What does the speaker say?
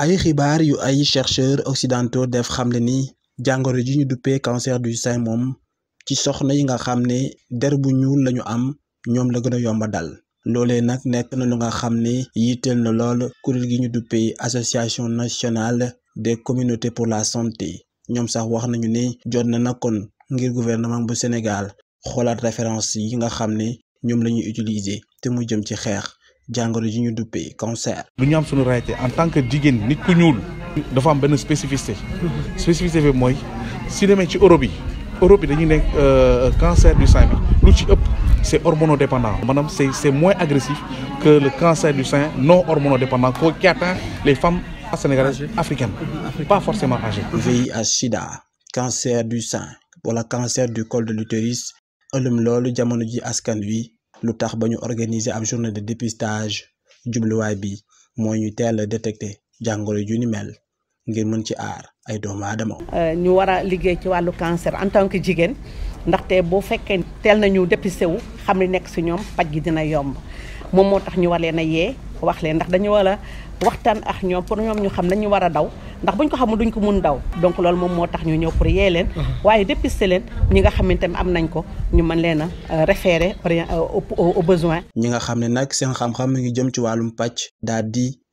ay xibaar yu ay chercheurs occidentaux def xamle ni jàngoro ji ñu duppee cancer du sein moom ci soxna yi nga xam ne der bu ñuul lañu am ñoom la gën a yomba dal loolee nag nekk na lu nga xam ne na lool kuréel gi ñu duppee association nationale des communautés pour la santé ñoom sax wax nañu ne jot na nakkoon ngir gouvernement bu Sénégal xoolaat référence yi nga xam ne ñoom la ñuy utiliser te mu jëm ci xeex jangoro ji ñu cancer. lu ñu am suñu réalité en tant que jigéen nit ku ñuul. dafa am ben spécificité. spécificité si ci Europe yi Europe euh, cancer du sein bi lu ci ëpp c'est hormonodépendant. manam moins agressif que le cancer du sein non hormonodépendant ko qui atteint les femmes sénégalaises africaines pas forcément âgées. VIH sida cancer du sein Pour wala cancer du col de l'utérus ëlum loolu jamono ji askan wi lutax bañu organiser ab journée de dépistage jubluwaay bi moo ñu teel détecter détecté ju ni mel ngir mën ci ar ay doomu aadama. Euh, ñu wara liggé ci walu cancer en tant que ndax té bo fekkee teel nañu dépisté wu xam li nekk si ñoom paj gi dina yomb mom motax ñu walé na yé wax leen ndax dañu war a waxtaan ak ñoom pour ñoom ñu xam nañu war a daw ndax buñ ko xam xamul duñ ko mun daw donc loolu moom moo tax ñu ñëw pour yee leen uh-huh. waaye dépister leen ñi nga xamante ne am nañ ko ñu mën leen a euh, référer euh, au besoin ñi nga xam ne nag seen xam-xam mi ngi jëm ci wàllum pàcc daal di